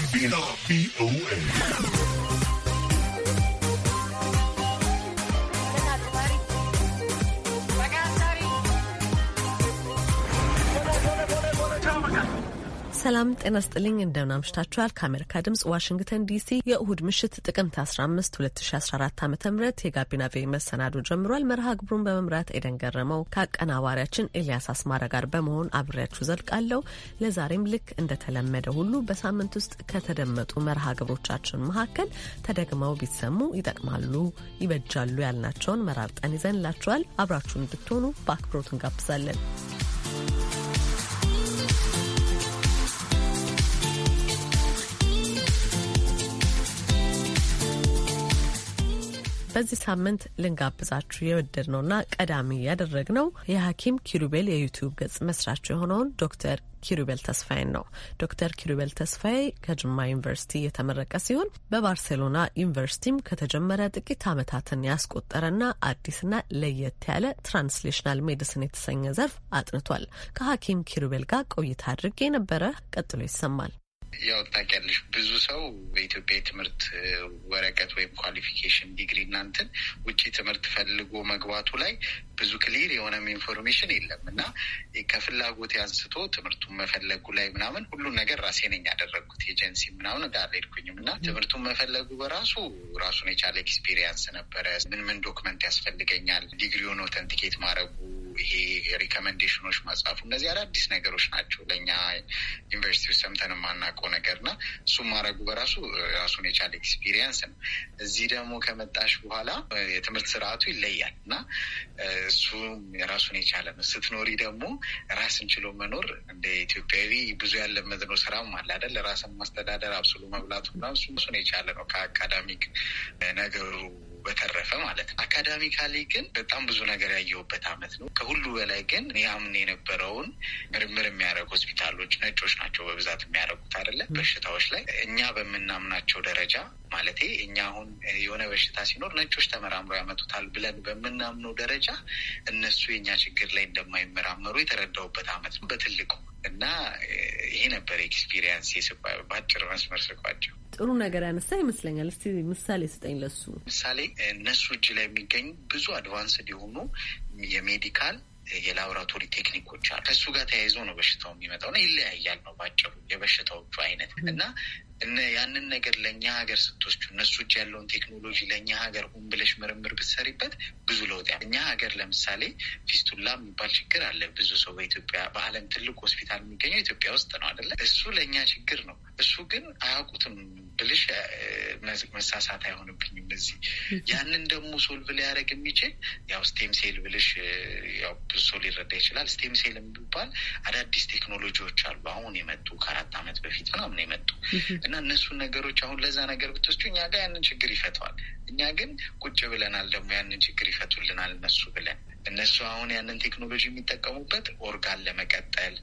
Gambino, B-O-A. ሰላም ጤና ስጥልኝ። እንደምን አምሽታችኋል። ከአሜሪካ ድምጽ ዋሽንግተን ዲሲ የእሁድ ምሽት ጥቅምት 15 2014 ዓ ም የጋቢና ቬ መሰናዶ ጀምሯል። መርሃ ግብሩን በመምራት ኤደን ገረመው ከአቀናባሪያችን ኤልያስ አስማረ ጋር በመሆን አብሬያችሁ ዘልቃለሁ። ለዛሬም ልክ እንደተለመደ ሁሉ በሳምንት ውስጥ ከተደመጡ መርሃ ግብሮቻችን መካከል ተደግመው ቢሰሙ ይጠቅማሉ፣ ይበጃሉ ያልናቸውን መራርጠን ይዘንላችኋል። አብራችሁን እንድትሆኑ በአክብሮት እንጋብዛለን። በዚህ ሳምንት ልንጋብዛችሁ የወደድ ነውና ቀዳሚ ያደረግነው የሐኪም ኪሩቤል የዩቲዩብ ገጽ መስራች የሆነውን ዶክተር ኪሩቤል ተስፋዬን ነው። ዶክተር ኪሩቤል ተስፋዬ ከጅማ ዩኒቨርሲቲ የተመረቀ ሲሆን በባርሴሎና ዩኒቨርሲቲም ከተጀመረ ጥቂት ዓመታትን ያስቆጠረና አዲስና ለየት ያለ ትራንስሌሽናል ሜዲሲን የተሰኘ ዘርፍ አጥንቷል። ከሐኪም ኪሩቤል ጋር ቆይታ አድርጌ ነበረ። ቀጥሎ ይሰማል። ያው ታውቂያለሽ ብዙ ሰው በኢትዮጵያ የትምህርት ወረቀት ወይም ኳሊፊኬሽን ዲግሪ እናንትን ውጭ ትምህርት ፈልጎ መግባቱ ላይ ብዙ ክሊር የሆነም ኢንፎርሜሽን የለም እና ከፍላጎት ያንስቶ ትምህርቱን መፈለጉ ላይ ምናምን ሁሉን ነገር ራሴ ነኝ ያደረግኩት ኤጀንሲ ምናምን ጋር ሄድኩኝም እና ትምህርቱን መፈለጉ በራሱ ራሱን የቻለ ኤክስፒሪየንስ ነበረ። ምን ምን ዶክመንት ያስፈልገኛል፣ ዲግሪውን ኦተንቲኬት ማድረጉ፣ ይሄ ሪኮመንዴሽኖች መጻፉ፣ እነዚህ አዳዲስ ነገሮች ናቸው ለእኛ ዩኒቨርሲቲ ውስጥ ሰምተን የማናውቀው ነገር እና እሱም ማድረጉ በራሱ ራሱን የቻለ ኤክስፒሪየንስ ነው። እዚህ ደግሞ ከመጣሽ በኋላ የትምህርት ስርዓቱ ይለያል እና እሱም የራሱን የቻለ ነው። ስትኖሪ ደግሞ ራስን ችሎ መኖር እንደ ኢትዮጵያዊ ብዙ ያለመድነው ስራም አለ አይደል? ራስን ማስተዳደር አብስሎ መብላቱ እሱን የቻለ ነው ከአካዳሚክ ነገሩ በተረፈ ማለት ነው። አካዳሚካሊ ግን በጣም ብዙ ነገር ያየሁበት አመት ነው። ከሁሉ በላይ ግን ያምን የነበረውን ምርምር የሚያደርጉ ሆስፒታሎች ነጮች ናቸው በብዛት የሚያደርጉት አይደለ በሽታዎች ላይ እኛ በምናምናቸው ደረጃ ማለት እኛ አሁን የሆነ በሽታ ሲኖር ነጮች ተመራምሮ ያመጡታል ብለን በምናምነው ደረጃ እነሱ የኛ ችግር ላይ እንደማይመራመሩ የተረዳውበት አመት ነው በትልቁ እና ይሄ ነበር ኤክስፒሪየንስ ስባ በአጭር መስመር ስቋቸው ጥሩ ነገር ያነሳ ይመስለኛል። እስቲ ምሳሌ ስጠኝ ለሱ። ምሳሌ እነሱ እጅ ላይ የሚገኙ ብዙ አድቫንስድ የሆኑ የሜዲካል የላቦራቶሪ ቴክኒኮች አሉ። ከእሱ ጋር ተያይዞ ነው በሽታው የሚመጣው እና ይለያያል ነው ባጭሩ የበሽታዎቹ አይነት እና እነ ያንን ነገር ለእኛ ሀገር ስትወስዱ እነሱ እጅ ያለውን ቴክኖሎጂ ለእኛ ሀገር ሁን ብለሽ ምርምር ብትሰሪበት ብዙ ለውጥ እኛ ሀገር ለምሳሌ ፊስቱላ የሚባል ችግር አለ። ብዙ ሰው በኢትዮጵያ በዓለም ትልቅ ሆስፒታል የሚገኘው ኢትዮጵያ ውስጥ ነው አደለ እሱ ለእኛ ችግር ነው። እሱ ግን አያውቁትም ብልሽ መሳሳት አይሆንብኝም። እዚህ ያንን ደግሞ ሶልቭ ያደረግ የሚችል ያው ስቴም ሴል ብልሽ ያው ብዙ ሰው ሊረዳ ይችላል። ስቴም ሴል የሚባል አዳዲስ ቴክኖሎጂዎች አሉ። አሁን የመጡ ከአራት ዓመት በፊት ምናምን የመጡ እና እነሱ ነገሮች አሁን ለዛ ነገር ብትወስዱ እኛ ጋር ያንን ችግር ይፈተዋል። እኛ ግን ቁጭ ብለናል ደግሞ ያንን ችግር ይፈቱልናል እነሱ ብለን እነሱ አሁን ያንን ቴክኖሎጂ የሚጠቀሙበት ኦርጋን ለመቀጠል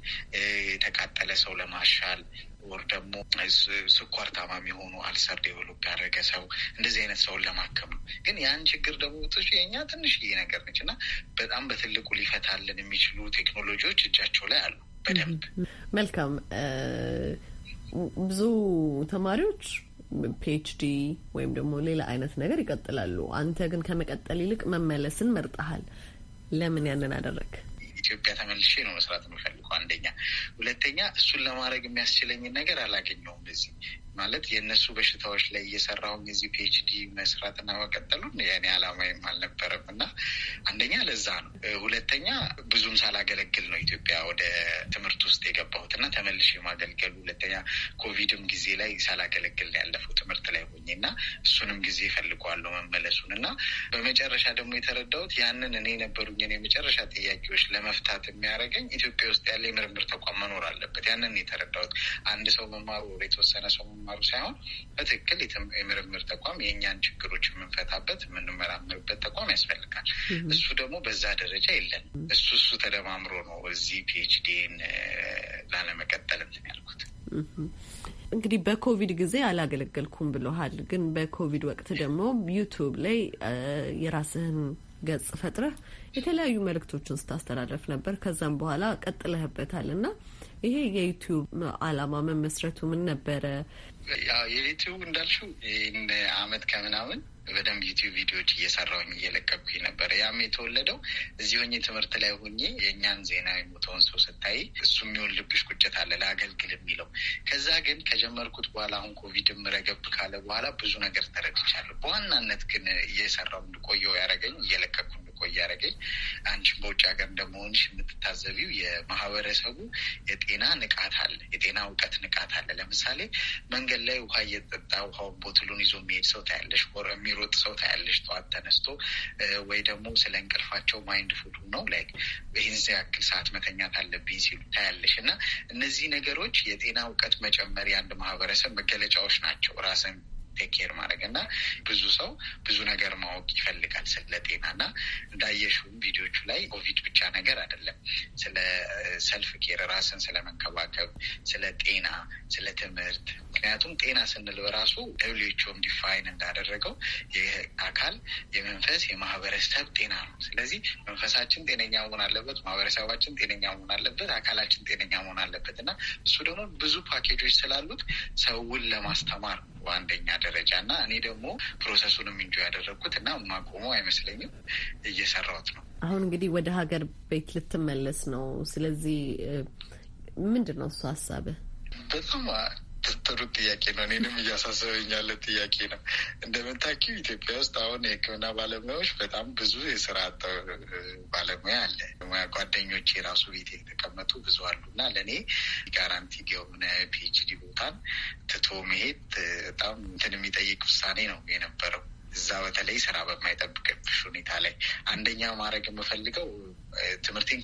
የተቃጠለ ሰው ለማሻል ወር ደግሞ ስኳር ታማሚ የሆኑ አልሰር ዴቨሎፕ ያደረገ ሰው እንደዚህ አይነት ሰውን ለማከም ነው። ግን ያን ችግር ደግሞ ውጦች የእኛ ትንሽዬ ነገር ነች እና በጣም በትልቁ ሊፈታልን የሚችሉ ቴክኖሎጂዎች እጃቸው ላይ አሉ። በደንብ መልካም ብዙ ተማሪዎች ፒኤችዲ ወይም ደግሞ ሌላ አይነት ነገር ይቀጥላሉ። አንተ ግን ከመቀጠል ይልቅ መመለስን መርጠሃል። ለምን ያንን አደረግ? ኢትዮጵያ ተመልሼ ነው መስራት የምፈልገው አንደኛ። ሁለተኛ እሱን ለማድረግ የሚያስችለኝን ነገር አላገኘውም። እዚህ ማለት የእነሱ በሽታዎች ላይ እየሰራውን የዚህ ፒኤችዲ መስራትና መቀጠሉን የእኔ አላማይም አልነበረም እና አንደኛ ለዛ ነው። ሁለተኛ ብዙም ሳላገለግል ነው ኢትዮጵያ ወደ ትምህርት ውስጥ የገባሁት እና ተመልሼ ማገልገሉ ሁለተኛ ኮቪድም ጊዜ ላይ ሳላገለግል ነው ያለፈው ትምህርት ላይ ሆኜ እና እሱንም ጊዜ እፈልገዋለሁ መመለሱን እና በመጨረሻ ደግሞ የተረዳሁት ያንን እኔ የነበሩኝን የመጨረሻ ጥያቄዎች ለመፍታት የሚያደርገኝ ኢትዮጵያ ውስጥ ያለ የምርምር ተቋም መኖር አለበት። ያንን የተረዳሁት አንድ ሰው መማሩ የተወሰነ ሰው መማሩ ሳይሆን በትክክል የምርምር ተቋም የእኛን ችግሮች የምንፈታበት የምንመራምርበት ተቋም ያስፈልጋል። እሱ ደግሞ በዛ ደረጃ የለን። እሱ እሱ ተደማምሮ ነው እዚህ ፒኤችዲን ላለመቀጠል እንትን ያልኩት። እንግዲህ በኮቪድ ጊዜ አላገለገልኩም ብለሃል። ግን በኮቪድ ወቅት ደግሞ ዩቱብ ላይ የራስህን ገጽ ፈጥረህ የተለያዩ መልእክቶችን ስታስተላለፍ ነበር። ከዛም በኋላ ቀጥለህበታል እና ይሄ የዩቲዩብ አላማ መመስረቱ ምን ነበረ? ያው የዩቲዩብ እንዳልሽው ይህን አመት ከምናምን በደንብ ዩቲዩብ ቪዲዮዎች እየሰራውኝ እየለቀኩኝ ነበረ። ያም የተወለደው እዚህ ሆኜ ትምህርት ላይ ሆኜ የእኛን ዜና የሞተውን ሰው ስታይ እሱ የሚወልድብሽ ቁጭት አለ ለአገልግል የሚለው ከዛ ግን ከጀመርኩት በኋላ አሁን ኮቪድ ምረገብ ካለ በኋላ ብዙ ነገር ተረድቻለሁ። በዋናነት ግን እየሰራው እንድቆየው ያደረገኝ እየለቀኩ እንድቆይ ያደረገኝ አንቺም በውጭ ሀገር እንደመሆንሽ የምትታዘቢው የማህበረሰቡ የጤና ንቃት አለ፣ የጤና እውቀት ንቃት አለ። ለምሳሌ መንገድ ላይ ውሃ እየጠጣ ውሃ ቦትሉን ይዞ የሚሄድ ሰው ታያለሽ፣ የሚሮጥ ሰው ታያለሽ ጠዋት ተነስቶ ወይ ደግሞ ስለ እንቅልፋቸው ማይንድ ፉድ ነው ላይክ ይህን ያክል ሰዓት መተኛት አለብኝ ሲሉ ታያለሽ። እና እነዚህ ነገሮች የጤና እውቀት መጨመር የአንድ ማህበረሰብ መገለጫዎች ናቸው ራስን ቴኬር ማድረግ እና ብዙ ሰው ብዙ ነገር ማወቅ ይፈልጋል ስለ ጤና እና እንዳየሽውም ቪዲዮቹ ላይ ኮቪድ ብቻ ነገር አይደለም። ስለ ሰልፍ ኬር ራስን ስለ መንከባከብ፣ ስለ ጤና፣ ስለ ትምህርት ምክንያቱም ጤና ስንል በራሱ ደብሊውኤችኦም ዲፋይን እንዳደረገው የአካል የመንፈስ የማህበረሰብ ጤና ነው። ስለዚህ መንፈሳችን ጤነኛ መሆን አለበት፣ ማህበረሰባችን ጤነኛ መሆን አለበት፣ አካላችን ጤነኛ መሆን አለበት እና እሱ ደግሞ ብዙ ፓኬጆች ስላሉት ሰውን ለማስተማር ነው በአንደኛ ደረጃ እና እኔ ደግሞ ፕሮሰሱንም እንጆ ያደረግኩት እና ማቆሙ አይመስለኝም እየሰራሁት ነው። አሁን እንግዲህ ወደ ሀገር ቤት ልትመለስ ነው። ስለዚህ ምንድን ነው እሱ ሀሳብህ? በጣም ጥሩ ጥያቄ ነው። እኔንም እያሳሰበኛለ ጥያቄ ነው። እንደምታውቂው ኢትዮጵያ ውስጥ አሁን የሕክምና ባለሙያዎች በጣም ብዙ የስራ አጥ ባለሙያ አለ። ሙያ ጓደኞች የራሱ ቤት የተቀመጡ ብዙ አሉ እና ለእኔ ጋራንቲ የሆነ ፒኤችዲ ቦታን ትቶ መሄድ በጣም እንትን የሚጠይቅ ውሳኔ ነው የነበረው እዛ በተለይ ስራ በማይጠብቅብሽ ሁኔታ ላይ አንደኛ ማድረግ የምፈልገው ትምህርቴን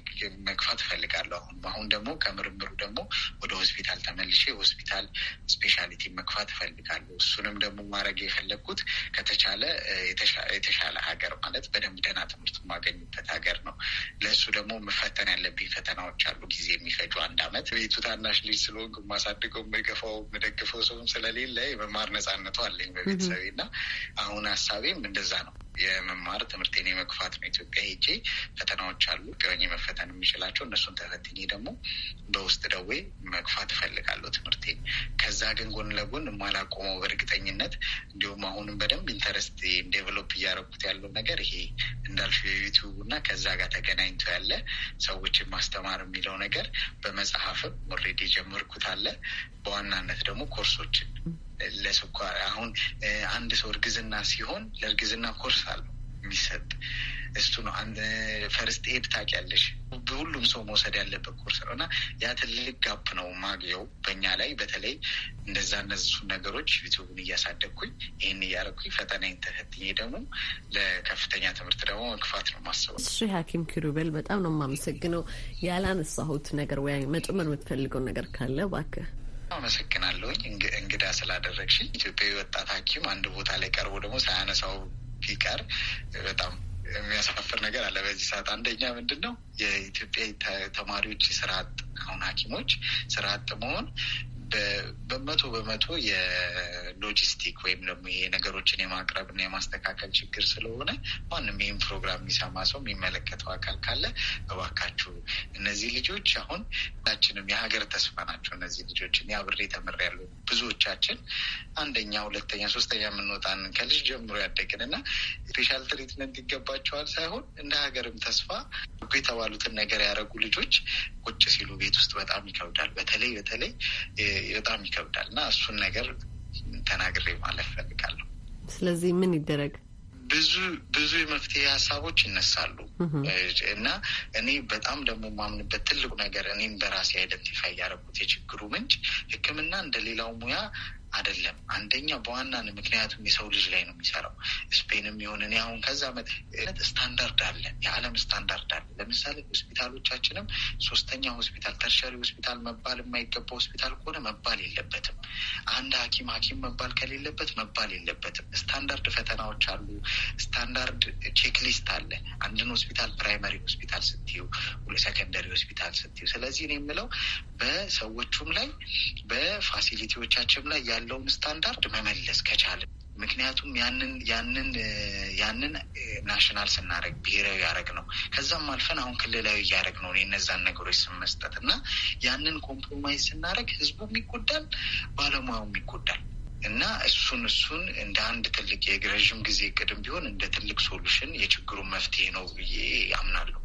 መግፋት እፈልጋለሁ። አሁን አሁን ደግሞ ከምርምሩ ደግሞ ወደ ሆስፒታል ተመልሼ ሆስፒታል ስፔሻሊቲ መግፋት እፈልጋለሁ። እሱንም ደግሞ ማድረግ የፈለግኩት ከተቻለ የተሻለ ሀገር ማለት በደንብ ደህና ትምህርት የማገኝበት ሀገር ነው። ለእሱ ደግሞ መፈተን ያለብኝ ፈተናዎች አሉ፣ ጊዜ የሚፈጁ አንድ አመት። ቤቱ ታናሽ ልጅ ስለሆንኩ የማሳድገው የምገፋው የምደግፈው ሰውም ስለሌለ የመማር ነፃነቱ አለኝ በቤተሰቤ እና አሁን ሀሳቤም እንደዛ ነው። የመማር ትምህርቴን የመግፋት ነው። ኢትዮጵያ ሄጄ ፈተናዎች አሉ ቢሆኝ መፈተን የሚችላቸው እነሱን ተፈትኜ ደግሞ በውስጥ ደዌ መግፋት እፈልጋለሁ ትምህርቴን። ከዛ ግን ጎን ለጎን የማላቆመው በእርግጠኝነት እንዲሁም አሁንም በደንብ ኢንተረስት ዴቨሎፕ እያደረኩት ያለው ነገር ይሄ እንዳልፍ የዩቲዩብ እና ከዛ ጋር ተገናኝቶ ያለ ሰዎችን ማስተማር የሚለው ነገር በመጽሐፍም ኦልሬዲ ጀምርኩት አለ በዋናነት ደግሞ ኮርሶችን ለስኳር አሁን አንድ ሰው እርግዝና ሲሆን ለእርግዝና ኮርስ አለው የሚሰጥ እሱ ነው። አንድ ፈርስት ኤድ ታውቂያለሽ፣ ሁሉም ሰው መውሰድ ያለበት ኮርስ ነው እና ያ ትልቅ ጋፕ ነው ማግኘው በእኛ ላይ በተለይ እንደዛ እነሱ ነገሮች ዩቲዩብን እያሳደግኩኝ ይህን እያደረግኩኝ ፈተናዬን ተፈትኜ ደግሞ ለከፍተኛ ትምህርት ደግሞ መግፋት ነው ማስበው። እሱ ሐኪም ኪሩቤል በጣም ነው የማመሰግነው። ያላነሳሁት ነገር ወይ መጨመር የምትፈልገው ነገር ካለ እባክህ አመሰግናለሁኝ እንግዳ ስላደረግሽኝ። ኢትዮጵያዊ ወጣት ሐኪም አንድ ቦታ ላይ ቀርቦ ደግሞ ሳያነሳው ቢቀር በጣም የሚያሳፍር ነገር አለ በዚህ ሰዓት። አንደኛ ምንድን ነው የኢትዮጵያ ተማሪዎች ስራ አጥ አሁን ሐኪሞች ስራ አጥ መሆን በመቶ በመቶ የሎጂስቲክ ወይም ደግሞ የነገሮችን የማቅረብና የማስተካከል ችግር ስለሆነ ማንም ይህም ፕሮግራም የሚሰማ ሰው የሚመለከተው አካል ካለ እባካችሁ እነዚህ ልጆች አሁን ሁላችንም የሀገር ተስፋ ናቸው። እነዚህ ልጆች እኔ አብሬ ያሉ ብዙዎቻችን አንደኛ፣ ሁለተኛ፣ ሶስተኛ የምንወጣን ከልጅ ጀምሮ ያደግን እና ስፔሻል ትሪትመንት ይገባቸዋል ሳይሆን እንደ ሀገርም ተስፋ የተባሉትን ነገር ያደረጉ ልጆች ቁጭ ሲሉ ቤት ውስጥ በጣም ይከብዳል። በተለይ በተለይ በጣም ይከብዳል እና እሱን ነገር ተናግሬ ማለት ፈልጋለሁ። ስለዚህ ምን ይደረግ? ብዙ ብዙ የመፍትሄ ሀሳቦች ይነሳሉ እና እኔ በጣም ደግሞ የማምንበት ትልቁ ነገር እኔም በራሴ አይደንቲፋይ ያደረጉት የችግሩ ምንጭ ሕክምና እንደ ሌላው ሙያ አይደለም። አንደኛው በዋና ምክንያቱም የሰው ልጅ ላይ ነው የሚሰራው። ስፔንም የሆነ እኔ አሁን ከዚ ዓመት ስታንዳርድ አለ፣ የዓለም ስታንዳርድ አለ። ለምሳሌ ሆስፒታሎቻችንም ሶስተኛ ሆስፒታል ተርሻሪ ሆስፒታል መባል የማይገባ ሆስፒታል ከሆነ መባል የለበትም። አንድ ሐኪም ሐኪም መባል ከሌለበት መባል የለበትም። ስታንዳርድ ፈተናዎች አሉ። ስታንዳርድ ቼክሊስት አለ። አንድን ሆስፒታል ፕራይመሪ ሆስፒታል ስትዩ፣ ሰከንደሪ ሆስፒታል ስትዩ። ስለዚህ እኔ የምለው በሰዎቹም ላይ በፋሲሊቲዎቻችን ላይ ያለውን ስታንዳርድ መመለስ ከቻለ ምክንያቱም ያንን ያንን ያንን ናሽናል ስናደረግ ብሔራዊ ያደረግ ነው። ከዛም አልፈን አሁን ክልላዊ እያደረግ ነው የነዛን ነገሮች ስም እና ያንን ኮምፕሮማይዝ ስናደረግ ህዝቡም ይጎዳል፣ ባለሙያውም ይጎዳል እና እሱን እሱን እንደ አንድ ትልቅ የረዥም ጊዜ እቅድም ቢሆን እንደ ትልቅ ሶሉሽን የችግሩን መፍትሄ ነው ብዬ አምናለሁ።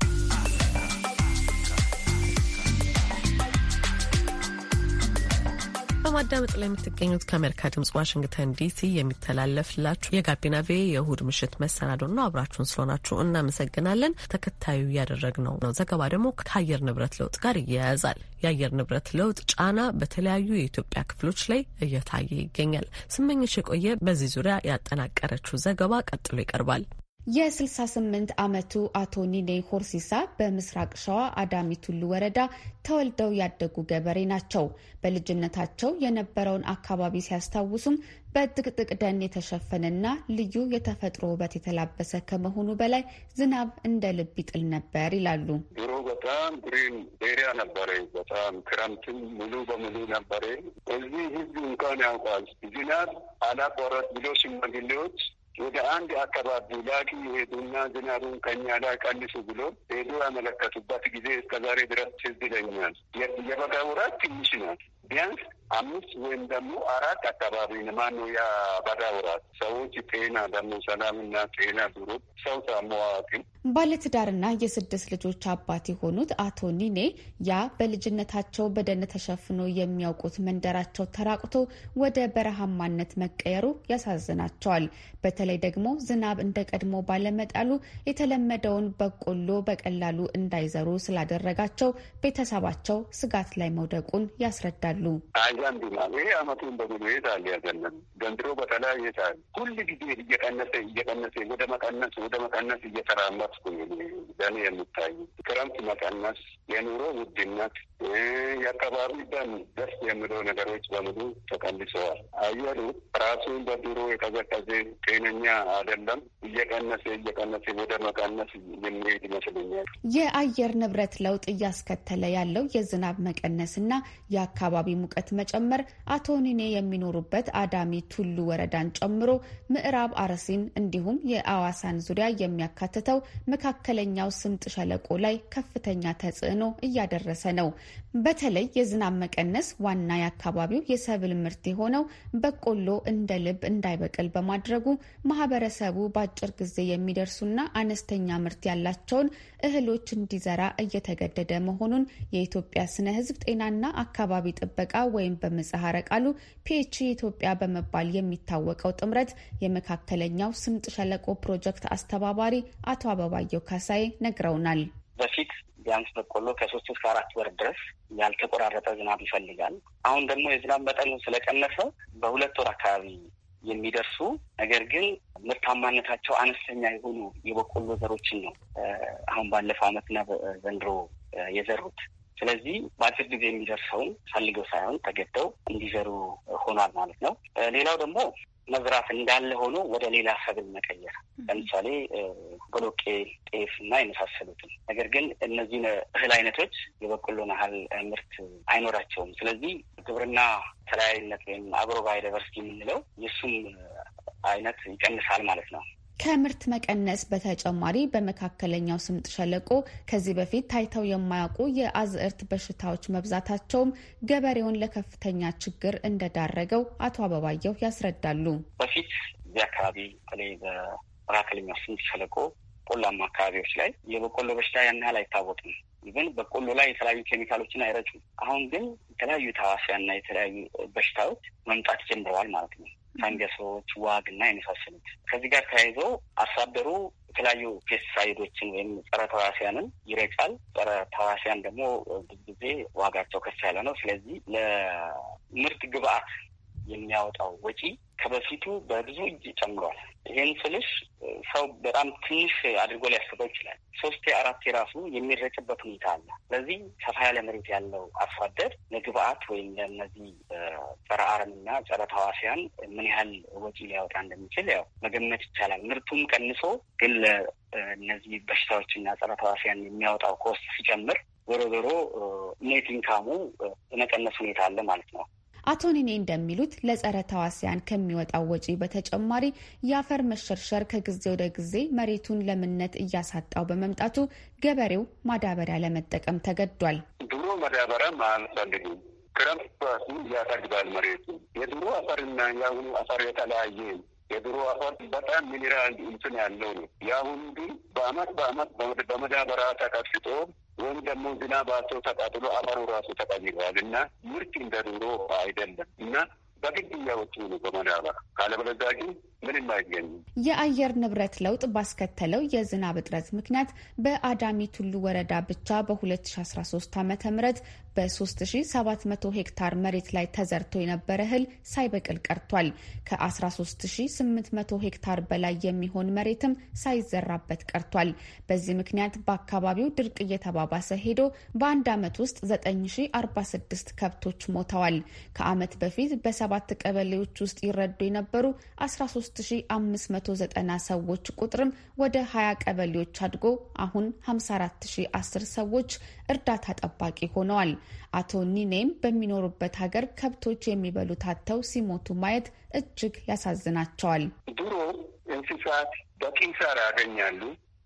በማዳመጥ ላይ የምትገኙት ከአሜሪካ ድምጽ ዋሽንግተን ዲሲ የሚተላለፍላችሁ የጋቢና ቪ የእሁድ ምሽት መሰናዶ ነው። አብራችሁን ስለሆናችሁ እናመሰግናለን። ተከታዩ ያደረግነው ነው ዘገባ ደግሞ ከአየር ንብረት ለውጥ ጋር ይያያዛል። የአየር ንብረት ለውጥ ጫና በተለያዩ የኢትዮጵያ ክፍሎች ላይ እየታየ ይገኛል። ስመኝሽ የቆየ በዚህ ዙሪያ ያጠናቀረችው ዘገባ ቀጥሎ ይቀርባል። የ68 ዓመቱ አቶ ኒኔ ሆርሲሳ በምስራቅ ሸዋ አዳሚቱሉ ወረዳ ተወልደው ያደጉ ገበሬ ናቸው። በልጅነታቸው የነበረውን አካባቢ ሲያስታውሱም በጥቅጥቅ ደን የተሸፈነና ልዩ የተፈጥሮ ውበት የተላበሰ ከመሆኑ በላይ ዝናብ እንደ ልብ ይጥል ነበር ይላሉ። ድሮ በጣም ግሪን ኤሪያ ነበረ። በጣም ክረምትም ሙሉ በሙሉ ነበረ። እዚህ ህዝብ እንኳን ያውቋል። ዝናብ አላቋረጥ ብሎ ሽማግሌዎች ወደ አንድ አካባቢ ላኪ የሄዱና ዝናቡን ከኛ ላይ ቀንሱ ብሎ ሄዱ ያመለከቱበት ጊዜ እስከዛሬ ድረስ ትዝ ይለኛል። የበጋ ወራት ትንሽ ናት። ቢያንስ አምስት ወይም ደግሞ አራት አካባቢ ማኑ ያ ሰዎች ጤና ደግሞ ሰላምና ጤና ዱሮ ሰው ሳመዋዋቂ ባለትዳርና የስድስት ልጆች አባት የሆኑት አቶ ኒኔ ያ በልጅነታቸው በደን ተሸፍኖ የሚያውቁት መንደራቸው ተራቁቶ ወደ በረሃማነት መቀየሩ ያሳዝናቸዋል። በተለይ ደግሞ ዝናብ እንደ ቀድሞ ባለመጣሉ የተለመደውን በቆሎ በቀላሉ እንዳይዘሩ ስላደረጋቸው ቤተሰባቸው ስጋት ላይ መውደቁን ያስረዳሉ። ከዛ እንዲማሩ ይሄ አመቱን በሙሉ ይሄዳል። ያዘለም ዘንድሮ በተለይ ይሄዳል። ሁል ጊዜ እየቀነሰ እየቀነሰ ወደ መቀነስ ወደ መቀነስ እየተራመድኩ ለእኔ የምታዩ ክረምት መቀነስ፣ የኑሮ ውድነት፣ የአካባቢ ደን ደስ የሚለው ነገሮች በሙሉ ተቀልሰዋል። አየሩ ራሱን በድሮ የቀዘቀዘ ጤነኛ አይደለም። እየቀነሰ እየቀነሰ ወደ መቀነስ የሚሄድ ይመስለኛል። የአየር ንብረት ለውጥ እያስከተለ ያለው የዝናብ መቀነስ እና የአካባቢ ሙቀት በመጨመር አቶ ኒኔ የሚኖሩበት አዳሚ ቱሉ ወረዳን ጨምሮ ምዕራብ አርሲን እንዲሁም የአዋሳን ዙሪያ የሚያካትተው መካከለኛው ስምጥ ሸለቆ ላይ ከፍተኛ ተጽዕኖ እያደረሰ ነው። በተለይ የዝናብ መቀነስ ዋና የአካባቢው የሰብል ምርት የሆነው በቆሎ እንደ ልብ እንዳይበቅል በማድረጉ ማህበረሰቡ በአጭር ጊዜ የሚደርሱና አነስተኛ ምርት ያላቸውን እህሎች እንዲዘራ እየተገደደ መሆኑን የኢትዮጵያ ስነ ሕዝብ ጤናና አካባቢ ጥበቃ ወይም በምህጻረ ቃሉ ፒኤች ኢትዮጵያ በመባል የሚታወቀው ጥምረት የመካከለኛው ስምጥ ሸለቆ ፕሮጀክት አስተባባሪ አቶ አበባየው ካሳዬ ነግረውናል። በፊት ቢያንስ በቆሎ ከሶስት እስከ አራት ወር ድረስ ያልተቆራረጠ ዝናብ ይፈልጋል። አሁን ደግሞ የዝናብ መጠኑ ስለቀነሰ በሁለት ወር አካባቢ የሚደርሱ ነገር ግን ምርታማነታቸው አነስተኛ የሆኑ የበቆሎ ዘሮችን ነው አሁን ባለፈው ዓመትና ዘንድሮ የዘሩት ስለዚህ በአጭር ጊዜ የሚደርሰውን ፈልገው ሳይሆን ተገደው እንዲዘሩ ሆኗል ማለት ነው። ሌላው ደግሞ መዝራት እንዳለ ሆኖ ወደ ሌላ ሰብል መቀየር፣ ለምሳሌ ቦሎቄ፣ ጤፍ እና የመሳሰሉትን። ነገር ግን እነዚህ እህል አይነቶች የበቆሎን ያህል ምርት አይኖራቸውም። ስለዚህ ግብርና ተለያዩነት ወይም አግሮባዮዳይቨርሲቲ የምንለው የእሱም አይነት ይቀንሳል ማለት ነው። ከምርት መቀነስ በተጨማሪ በመካከለኛው ስምጥ ሸለቆ ከዚህ በፊት ታይተው የማያውቁ የአዝእርት በሽታዎች መብዛታቸውም ገበሬውን ለከፍተኛ ችግር እንደዳረገው አቶ አበባየሁ ያስረዳሉ። በፊት እዚህ አካባቢ በተለይ በመካከለኛው ስምጥ ሸለቆ ቆላማ አካባቢዎች ላይ የበቆሎ በሽታ ያን ያህል አይታወቅም። ግን በቆሎ ላይ የተለያዩ ኬሚካሎችን አይረጩም። አሁን ግን የተለያዩ ተዋሲያና የተለያዩ በሽታዎች መምጣት ጀምረዋል ማለት ነው። አንገሶች፣ ዋግ እና የመሳሰሉት ከዚህ ጋር ተያይዞ አሳደሩ የተለያዩ ፔስቲሳይዶችን ወይም ጸረ ተዋሲያንን ይረጫል። ጸረ ተዋሲያን ደግሞ ብዙ ጊዜ ዋጋቸው ከፍ ያለ ነው። ስለዚህ ለምርት ግብአት የሚያወጣው ወጪ ከበፊቱ በብዙ እጅ ጨምሯል። ይህን ስልሽ ሰው በጣም ትንሽ አድርጎ ሊያስበው ይችላል። ሶስት አራት የራሱ የሚረጭበት ሁኔታ አለ። ስለዚህ ሰፋ ያለ መሬት ያለው አርሶ አደር ለግብአት ወይም ለእነዚህ ጸረ አረምና ጸረ ተዋሲያን ምን ያህል ወጪ ሊያወጣ እንደሚችል ያው መገመት ይቻላል። ምርቱም ቀንሶ ግን ለእነዚህ በሽታዎችና ጸረ ተዋሲያን የሚያወጣው ኮስት ሲጨምር ዞሮ ዞሮ ኔት ኢንካሙ የመቀነስ ሁኔታ አለ ማለት ነው። አቶ ኒኔ እንደሚሉት ለጸረ ተዋሲያን ከሚወጣው ወጪ በተጨማሪ የአፈር መሸርሸር ከጊዜ ወደ ጊዜ መሬቱን ለምነት እያሳጣው በመምጣቱ ገበሬው ማዳበሪያ ለመጠቀም ተገዷል። ድሮ ማዳበሪያም አልፈልግም። ክረምት ራሱ ያሳድጋል መሬቱ። የድሮ አፈርና የአሁኑ አፈር የተለያየ የድሮ አፈር በጣም ሚኒራል እንትን ያለው ነው። የአሁኑ ግን በአመት በአመት በመዳበሪያ ተቀስጦ ወይም ደግሞ ዝናብ አቶ ተቃጥሎ አፈሩ ራሱ ተቀይሯል እና ምርት እንደ ድሮ አይደለም እና በግድያዎቹ ነው በመዳባ ካለበለዚያ ግን ምንም አይገኝም። የአየር ንብረት ለውጥ ባስከተለው የዝናብ እጥረት ምክንያት በአዳሚ ቱሉ ወረዳ ብቻ በ2013 ዓ ም በ3700 ሄክታር መሬት ላይ ተዘርቶ የነበረ እህል ሳይበቅል ቀርቷል። ከ13800 ሄክታር በላይ የሚሆን መሬትም ሳይዘራበት ቀርቷል። በዚህ ምክንያት በአካባቢው ድርቅ እየተባባሰ ሄዶ በአንድ ዓመት ውስጥ 9046 ከብቶች ሞተዋል። ከዓመት በፊት በሰባት ቀበሌዎች ውስጥ ይረዱ የነበሩ 13 3590 ሰዎች ቁጥርም ወደ 20 ቀበሌዎች አድጎ አሁን 54010 ሰዎች እርዳታ ጠባቂ ሆነዋል። አቶ ኒኔም በሚኖሩበት ሀገር ከብቶች የሚበሉት ታተው ሲሞቱ ማየት እጅግ ያሳዝናቸዋል። ድሮ እንስሳት በቂ ሳር ያገኛሉ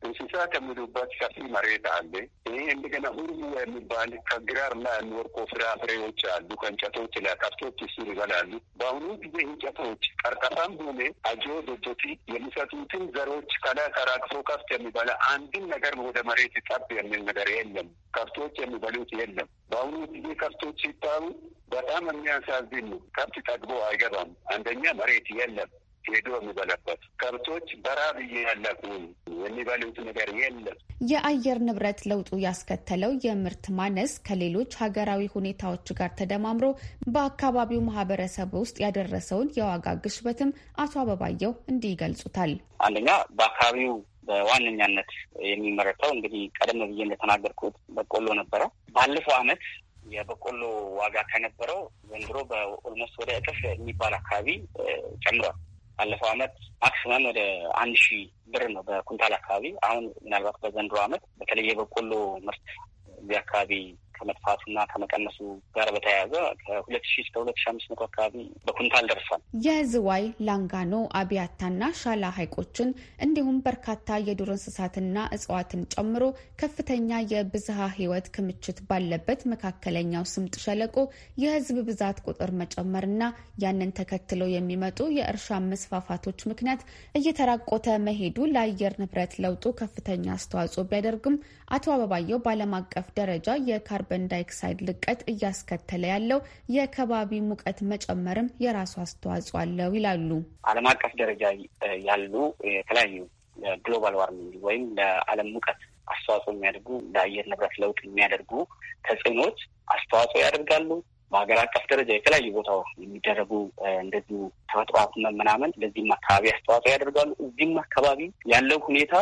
እንስሳ ከሚሉባት ሰፊ መሬት አለ። ይህ እንደገና ሁርሙ የሚባል ከግራር ላይ የሚወርቆ ፍራፍሬዎች አሉ። ከእንጨቶች ላይ ከብቶች ስር ይበላሉ። በአሁኑ ጊዜ እንጨቶች ቀርቀፋም ሆነ አጆ ዶጆቲ የሚሰጡትን ዘሮች ከላይ ተራቅፎ ከብት የሚበላ አንድን ነገር ወደ መሬት ጠብ የሚል ነገር የለም። ከብቶች የሚበሉት የለም። በአሁኑ ጊዜ ከብቶች ሲታዩ በጣም የሚያሳዝን ነው። ከብት ጠግቦ አይገባም። አንደኛ መሬት የለም ሄዶ የሚበላበት ከብቶች በራብ እያለቁ የሚበሉት ነገር የለም። የአየር ንብረት ለውጡ ያስከተለው የምርት ማነስ ከሌሎች ሀገራዊ ሁኔታዎች ጋር ተደማምሮ በአካባቢው ማህበረሰብ ውስጥ ያደረሰውን የዋጋ ግሽበትም አቶ አበባየው እንዲህ ይገልጹታል። አንደኛ በአካባቢው በዋነኛነት የሚመረተው እንግዲህ ቀደም ብዬ እንደተናገርኩት በቆሎ ነበረ። ባለፈው አመት የበቆሎ ዋጋ ከነበረው ዘንድሮ በኦልሞስት ወደ እጥፍ የሚባል አካባቢ ጨምሯል። ባለፈው አመት ማክሲመም ወደ አንድ ሺ ብር ነው በኩንታል አካባቢ። አሁን ምናልባት በዘንድሮ አመት በተለይ የበቆሎ ምርት እዚህ አካባቢ ከመጥፋቱና ከመቀነሱ ጋር በተያያዘ ከሁለት ሺ እስከ ሁለት ሺ አምስት መቶ አካባቢ በኩንታል ደርሷል። የዝዋይ ላንጋኖ፣ አብያታና ሻላ ሐይቆችን እንዲሁም በርካታ የዱር እንስሳትና እጽዋትን ጨምሮ ከፍተኛ የብዝሃ ህይወት ክምችት ባለበት መካከለኛው ስምጥ ሸለቆ የህዝብ ብዛት ቁጥር መጨመርና ያንን ተከትለው የሚመጡ የእርሻ መስፋፋቶች ምክንያት እየተራቆተ መሄዱ ለአየር ንብረት ለውጡ ከፍተኛ አስተዋጽኦ ቢያደርግም አቶ አበባየው በዓለም አቀፍ ደረጃ የካርቦ ካርበን ዳይኦክሳይድ ልቀት እያስከተለ ያለው የከባቢ ሙቀት መጨመርም የራሱ አስተዋጽኦ አለው ይላሉ። ዓለም አቀፍ ደረጃ ያሉ የተለያዩ ግሎባል ዋርሚንግ ወይም ለዓለም ሙቀት አስተዋጽኦ የሚያደርጉ ለአየር ንብረት ለውጥ የሚያደርጉ ተጽዕኖዎች አስተዋጽኦ ያደርጋሉ። በሀገር አቀፍ ደረጃ የተለያዩ ቦታው የሚደረጉ እንደዚሁ ተፈጥሯት መመናመን ለዚህም አካባቢ አስተዋጽኦ ያደርጋሉ። እዚህም አካባቢ ያለው ሁኔታ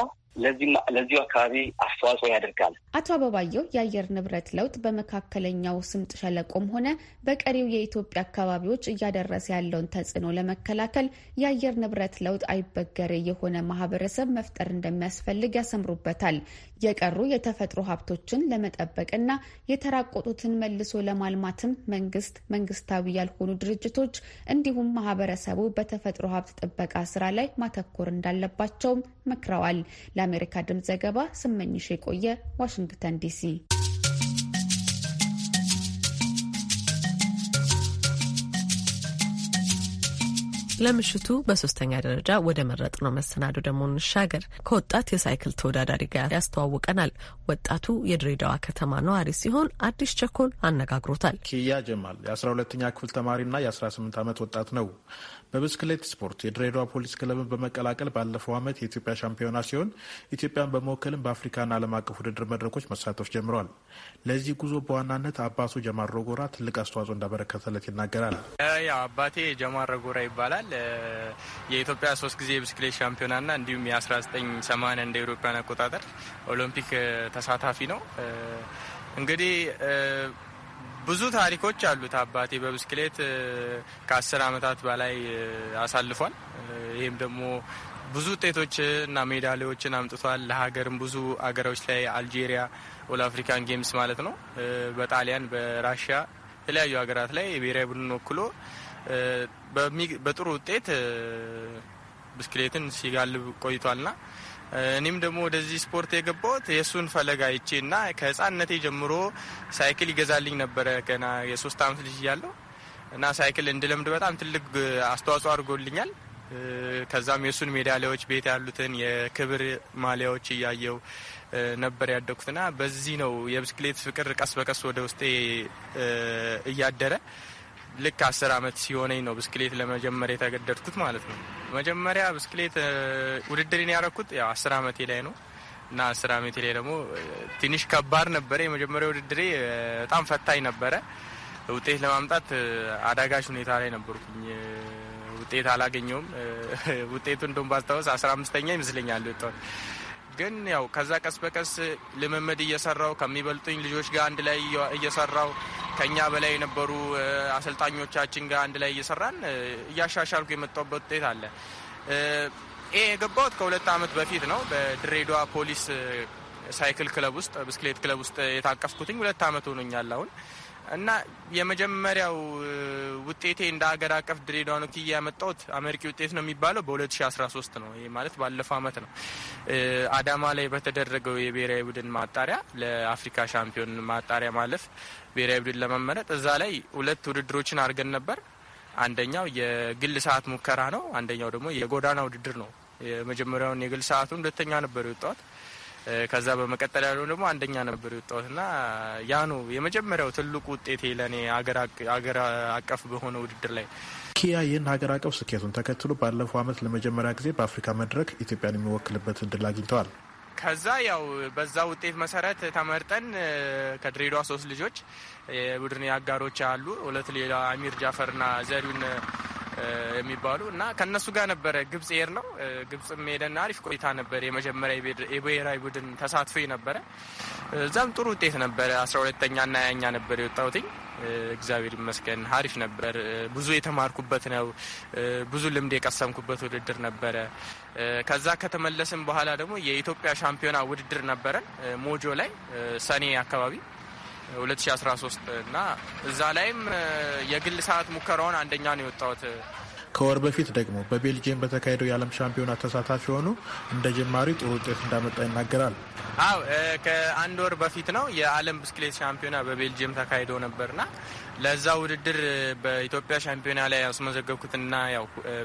ለዚሁ አካባቢ አስተዋጽኦ ያደርጋል። አቶ አበባየው የአየር ንብረት ለውጥ በመካከለኛው ስምጥ ሸለቆም ሆነ በቀሪው የኢትዮጵያ አካባቢዎች እያደረሰ ያለውን ተጽዕኖ ለመከላከል የአየር ንብረት ለውጥ አይበገሬ የሆነ ማህበረሰብ መፍጠር እንደሚያስፈልግ ያሰምሩበታል። የቀሩ የተፈጥሮ ሀብቶችን ለመጠበቅና የተራቆጡትን መልሶ ለማልማትም መንግስት፣ መንግስታዊ ያልሆኑ ድርጅቶች እንዲሁም ማህበረሰቡ በተፈጥሮ ሀብት ጥበቃ ስራ ላይ ማተኮር እንዳለባቸውም መክረዋል። ለአሜሪካ ድምጽ ዘገባ ስመኝሽ የቆየ ዋሽንግተን ዋሽንግተን ዲሲ ለምሽቱ በሶስተኛ ደረጃ ወደ መረጥ ነው መሰናዶ ደግሞ እንሻገር። ከወጣት የሳይክል ተወዳዳሪ ጋር ያስተዋውቀናል። ወጣቱ የድሬዳዋ ከተማ ነዋሪ ሲሆን አዲስ ቸኮል አነጋግሮታል። ኪያ ጀማል የአስራ ሁለተኛ ክፍል ተማሪና የአስራ ስምንት ዓመት ወጣት ነው። በብስክሌት ስፖርት የድሬዳዋ ፖሊስ ክለብን በመቀላቀል ባለፈው ዓመት የኢትዮጵያ ሻምፒዮና ሲሆን ኢትዮጵያን በመወከልም በአፍሪካና ዓለም አቀፍ ውድድር መድረኮች መሳተፍ ጀምረዋል። ለዚህ ጉዞ በዋናነት አባቱ ጀማር ሮጎራ ትልቅ አስተዋጽኦ እንዳበረከተለት ይናገራል። ያው አባቴ ጀማር ሮጎራ ይባላል። ይባላል። የኢትዮጵያ ሶስት ጊዜ የብስክሌት ሻምፒዮናና እንዲሁም የ1980 እንደ ኢሮፓውያን አቆጣጠር ኦሎምፒክ ተሳታፊ ነው። እንግዲህ ብዙ ታሪኮች አሉት። አባቴ በብስክሌት ከአስር ዓመታት በላይ አሳልፏል። ይህም ደግሞ ብዙ ውጤቶች እና ሜዳሊያዎችን አምጥቷል። ለሀገርም ብዙ አገሮች ላይ አልጄሪያ ኦል አፍሪካን ጌምስ ማለት ነው። በጣሊያን በራሽያ የተለያዩ ሀገራት ላይ የብሔራዊ ቡድን ወክሎ በጥሩ ውጤት ብስክሌትን ሲጋልብ ቆይቷልና እኔም ደግሞ ወደዚህ ስፖርት የገባሁት የእሱን ፈለጋ አይቼ እና ከህፃንነቴ ጀምሮ ሳይክል ይገዛልኝ ነበረ ገና የሶስት አመት ልጅ እያለሁ እና ሳይክል እንድለምድ በጣም ትልቅ አስተዋጽኦ አድርጎልኛል። ከዛም የእሱን ሜዳሊያዎች ቤት ያሉትን የክብር ማሊያዎች እያየው ነበር ያደኩትና በዚህ ነው የብስክሌት ፍቅር ቀስ በቀስ ወደ ውስጤ እያደረ ልክ አስር ዓመት ሲሆነኝ ነው ብስክሌት ለመጀመር የተገደድኩት ማለት ነው። መጀመሪያ ብስክሌት ውድድርን ያረኩት ያው አስር አመቴ ላይ ነው እና አስር አመቴ ላይ ደግሞ ትንሽ ከባድ ነበረ። የመጀመሪያ ውድድሬ በጣም ፈታኝ ነበረ። ውጤት ለማምጣት አዳጋች ሁኔታ ላይ ነበርኩኝ። ውጤት አላገኘውም። ውጤቱ እንደም ባስታወስ አስራ አምስተኛ ይመስለኛል ወጥቷል። ግን ያው ከዛ ቀስ በቀስ ልምምድ እየሰራው ከሚበልጡኝ ልጆች ጋር አንድ ላይ እየሰራው ከኛ በላይ የነበሩ አሰልጣኞቻችን ጋር አንድ ላይ እየሰራን እያሻሻልኩ የመጣሁበት ውጤት አለ። ይሄ የገባሁት ከሁለት ዓመት በፊት ነው። በድሬዳዋ ፖሊስ ሳይክል ክለብ ውስጥ ብስክሌት ክለብ ውስጥ የታቀፍኩትኝ ሁለት ዓመት ሆኖኛል አሁን እና የመጀመሪያው ውጤቴ እንደ ሀገር አቀፍ ድሬዳዋ ነው ክያ ያመጣሁት አመርቂ ውጤት ነው የሚባለው በ2013 ነው። ይህ ማለት ባለፈው አመት ነው። አዳማ ላይ በተደረገው የብሔራዊ ቡድን ማጣሪያ ለአፍሪካ ሻምፒዮን ማጣሪያ ማለፍ ብሔራዊ ቡድን ለመመረጥ እዛ ላይ ሁለት ውድድሮችን አድርገን ነበር። አንደኛው የግል ሰዓት ሙከራ ነው። አንደኛው ደግሞ የጎዳና ውድድር ነው። የመጀመሪያውን የግል ሰዓቱን ሁለተኛ ነበር የወጣሁት። ከዛ በመቀጠል ያለው ደግሞ አንደኛ ነበር የወጣሁት እና ያ ነው የመጀመሪያው ትልቁ ውጤቴ ለእኔ አገር አቀፍ በሆነ ውድድር ላይ። ኪያ ይህን ሀገር አቀፍ ስኬቱን ተከትሎ ባለፈው ዓመት ለመጀመሪያ ጊዜ በአፍሪካ መድረክ ኢትዮጵያን የሚወክልበት እድል አግኝተዋል። ከዛ ያው በዛ ውጤት መሰረት ተመርጠን ከድሬዳዋ ሶስት ልጆች የቡድን አጋሮች አሉ። ሁለት ሌላ አሚር ጃፈርና ዘሪውን የሚባሉ እና ከነሱ ጋር ነበረ ግብጽ ኤር ነው። ግብጽም ሄደና አሪፍ ቆይታ ነበር የመጀመሪያ የብሔራዊ ቡድን ተሳትፎ ነበረ። እዛም ጥሩ ውጤት ነበረ። አስራ ሁለተኛ እና ያኛ ነበር የወጣሁትኝ። እግዚአብሔር ይመስገን አሪፍ ነበር። ብዙ የተማርኩበት ነው። ብዙ ልምድ የቀሰምኩበት ውድድር ነበረ። ከዛ ከተመለስን በኋላ ደግሞ የኢትዮጵያ ሻምፒዮና ውድድር ነበረን ሞጆ ላይ ሰኔ አካባቢ 2013 እና እዛ ላይም የግል ሰዓት ሙከራውን አንደኛ ነው የወጣሁት። ከወር በፊት ደግሞ በቤልጅየም በተካሄደው የዓለም ሻምፒዮና ተሳታፊ ሆኑ እንደ ጀማሪ ጥሩ ውጤት እንዳመጣ ይናገራል። አው ከአንድ ወር በፊት ነው የዓለም ብስክሌት ሻምፒዮና በቤልጅየም ተካሂዶ ነበርና ለዛ ውድድር በኢትዮጵያ ሻምፒዮና ላይ ያስመዘገብኩትና ያው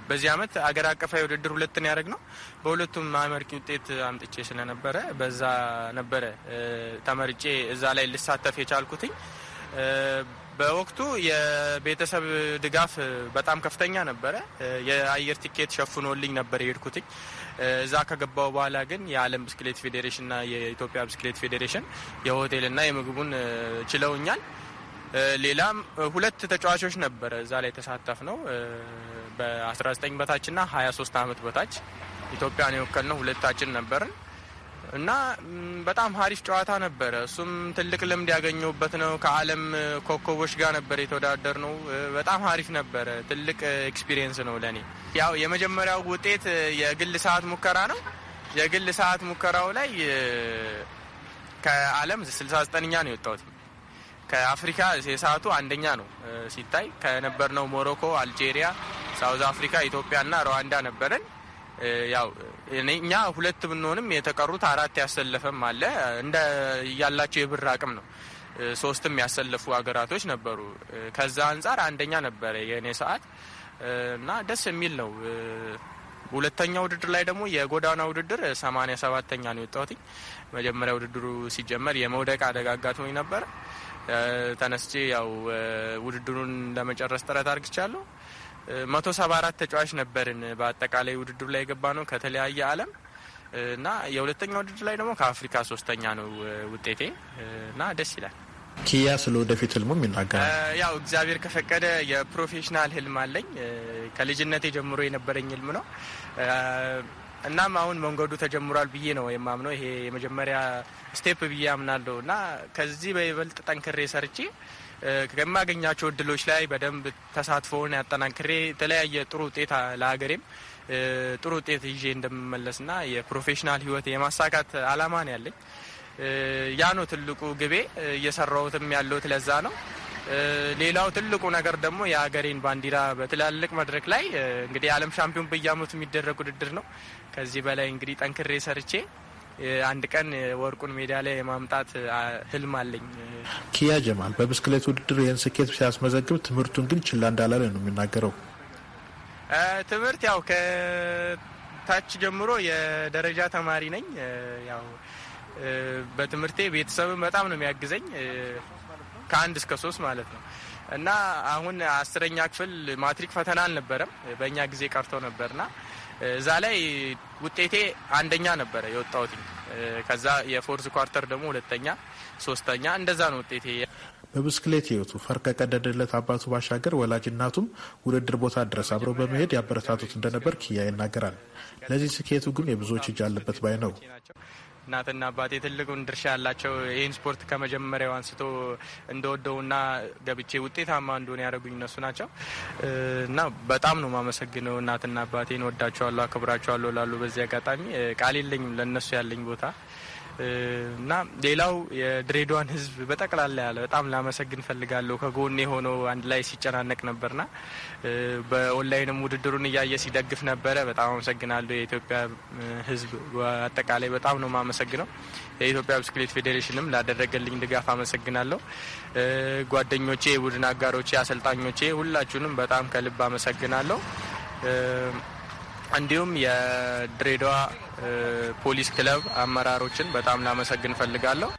በዚህ አመት አገር አቀፋዊ ውድድር ሁለትን ያደረግ ነው። በሁለቱም አመርቂ ውጤት አምጥቼ ስለነበረ በዛ ነበረ ተመርጬ እዛ ላይ ልሳተፍ የቻልኩትኝ። በወቅቱ የቤተሰብ ድጋፍ በጣም ከፍተኛ ነበረ። የአየር ቲኬት ሸፍኖልኝ ነበር የሄድኩትኝ። እዛ ከገባው በኋላ ግን የዓለም ብስክሌት ፌዴሬሽንና የኢትዮጵያ ብስክሌት ፌዴሬሽን የሆቴልና የምግቡን ችለውኛል። ሌላም ሁለት ተጫዋቾች ነበረ እዛ ላይ የተሳተፍ ነው በ19 በታችና 23 ዓመት በታች ኢትዮጵያን የወከል ነው ሁለታችን ነበርን እና በጣም ሀሪፍ ጨዋታ ነበረ። እሱም ትልቅ ልምድ ያገኘሁበት ነው። ከዓለም ኮከቦች ጋር ነበር የተወዳደር ነው። በጣም ሀሪፍ ነበረ። ትልቅ ኤክስፒሪየንስ ነው ለእኔ። ያው የመጀመሪያው ውጤት የግል ሰዓት ሙከራ ነው። የግል ሰዓት ሙከራው ላይ ከዓለም 69ኛ ነው የወጣሁት። ከአፍሪካ የሰዓቱ አንደኛ ነው ሲታይ ከነበርነው ሞሮኮ፣ አልጄሪያ፣ ሳውዝ አፍሪካ፣ ኢትዮጵያና ሩዋንዳ ነበረን። ያው እኛ ሁለት ብንሆንም የተቀሩት አራት ያሰለፈም አለ እንደ ያላቸው የብር አቅም ነው። ሶስትም ያሰለፉ ሀገራቶች ነበሩ። ከዛ አንጻር አንደኛ ነበረ የእኔ ሰዓት እና ደስ የሚል ነው። ሁለተኛ ውድድር ላይ ደግሞ የጎዳና ውድድር ሰማኒያ ሰባተኛ ነው የወጣሁት። መጀመሪያ ውድድሩ ሲጀመር የመውደቅ አደጋ አጋጥሞኝ ተነስቼ ያው ውድድሩን ለመጨረስ ጥረት አድርግቻለሁ። መቶ ሰባ አራት ተጫዋች ነበርን በአጠቃላይ ውድድሩ ላይ የገባ ነው ከተለያየ ዓለም እና የሁለተኛ ውድድር ላይ ደግሞ ከአፍሪካ ሶስተኛ ነው ውጤቴ እና ደስ ይላል። ኪያ ስለ ወደፊት ህልሙም ይናገራል። ያው እግዚአብሔር ከፈቀደ የፕሮፌሽናል ህልም አለኝ። ከልጅነቴ ጀምሮ የነበረኝ ህልም ነው። እናም አሁን መንገዱ ተጀምሯል ብዬ ነው የማምነው። ይሄ የመጀመሪያ ስቴፕ ብዬ አምናለሁ እና ከዚህ በይበልጥ ጠንክሬ ሰርቼ ከማገኛቸው እድሎች ላይ በደንብ ተሳትፎውን ያጠናክሬ የተለያየ ጥሩ ውጤት ለሀገሬም ጥሩ ውጤት ይዤ እንደምመለስና የፕሮፌሽናል ህይወት የማሳካት አላማ ነው ያለኝ። ያ ነው ትልቁ ግቤ። እየሰራሁትም ያለሁት ለዛ ነው። ሌላው ትልቁ ነገር ደግሞ የሀገሬን ባንዲራ በትላልቅ መድረክ ላይ እንግዲህ የዓለም ሻምፒዮን በየአመቱ የሚደረግ ውድድር ነው። ከዚህ በላይ እንግዲህ ጠንክሬ ሰርቼ አንድ ቀን ወርቁን ሜዳ ላይ የማምጣት ህልም አለኝ። ኪያ ጀማል በብስክሌት ውድድር ይህን ስኬት ሲያስመዘግብ ትምህርቱን ግን ችላ እንዳላለ ነው የሚናገረው። ትምህርት ያው ከታች ጀምሮ የደረጃ ተማሪ ነኝ። ያው በትምህርቴ ቤተሰብን በጣም ነው የሚያግዘኝ ከአንድ እስከ ሶስት ማለት ነው እና አሁን አስረኛ ክፍል ማትሪክ ፈተና አልነበረም በእኛ ጊዜ ቀርቶ ነበርና እዛ ላይ ውጤቴ አንደኛ ነበረ የወጣሁት። ከዛ የፎርዝ ኳርተር ደግሞ ሁለተኛ፣ ሶስተኛ እንደዛ ነው ውጤቴ። በብስክሌት ህይወቱ ፈር ከቀደደለት አባቱ ባሻገር ወላጅ እናቱም ውድድር ቦታ ድረስ አብረው በመሄድ ያበረታቱት እንደነበር ክያ ይናገራል። ለዚህ ስኬቱ ግን የብዙዎች እጅ አለበት ባይ ነው። እናትና አባቴ ትልቁን ድርሻ ያላቸው ይህን ስፖርት ከመጀመሪያው አንስቶ እንደወደውና ገብቼ ውጤታማ እንደሆነ ያደረጉኝ እነሱ ናቸው እና በጣም ነው ማመሰግነው። እናትና አባቴን ወዳቸዋለሁ፣ አክብራቸዋለሁ ላሉ በዚህ አጋጣሚ ቃል የለኝም ለእነሱ ያለኝ ቦታ እና ሌላው የድሬዳዋን ህዝብ በጠቅላላ ያለ በጣም ላመሰግን ፈልጋለሁ። ከጎኔ ሆኖ አንድ ላይ ሲጨናነቅ ነበርና በኦንላይንም ውድድሩን እያየ ሲደግፍ ነበረ። በጣም አመሰግናለሁ። የኢትዮጵያ ህዝብ አጠቃላይ በጣም ነው የማመሰግነው። የኢትዮጵያ ብስክሌት ፌዴሬሽንም ላደረገልኝ ድጋፍ አመሰግናለሁ። ጓደኞቼ፣ የቡድን አጋሮቼ፣ አሰልጣኞቼ ሁላችሁንም በጣም ከልብ አመሰግናለሁ። እንዲሁም የድሬዳዋ ፖሊስ ክለብ አመራሮችን በጣም ላመሰግን ፈልጋለሁ።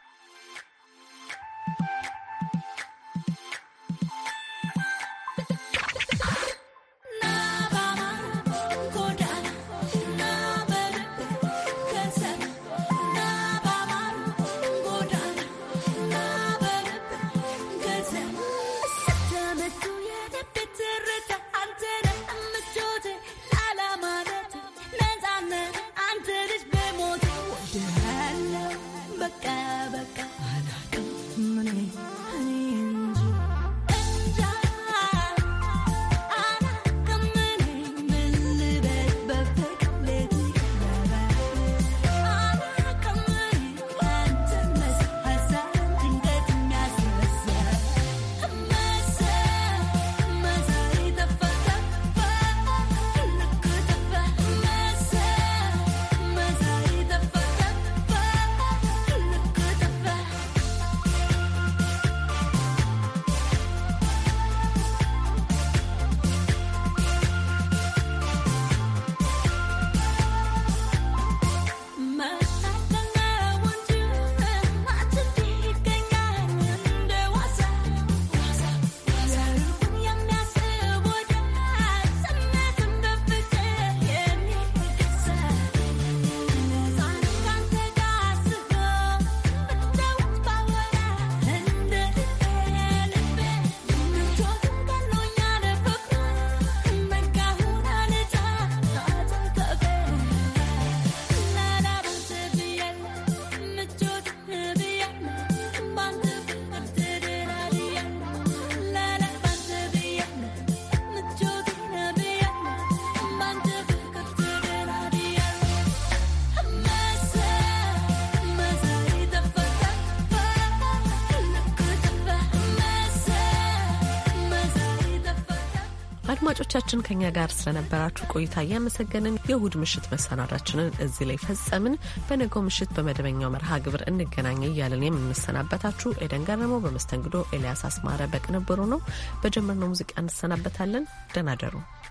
አድማጮቻችን ከኛ ጋር ስለነበራችሁ ቆይታ እያመሰገንን የእሁድ ምሽት መሰናዳችንን እዚህ ላይ ፈጸምን። በነገው ምሽት በመደበኛው መርሃ ግብር እንገናኝ እያለን የምንሰናበታችሁ ኤደን ገረመው በመስተንግዶ ኤልያስ አስማረ በቅንብሩ ነው። በጀመርነው ሙዚቃ እንሰናበታለን። ደናደሩ ደሩ።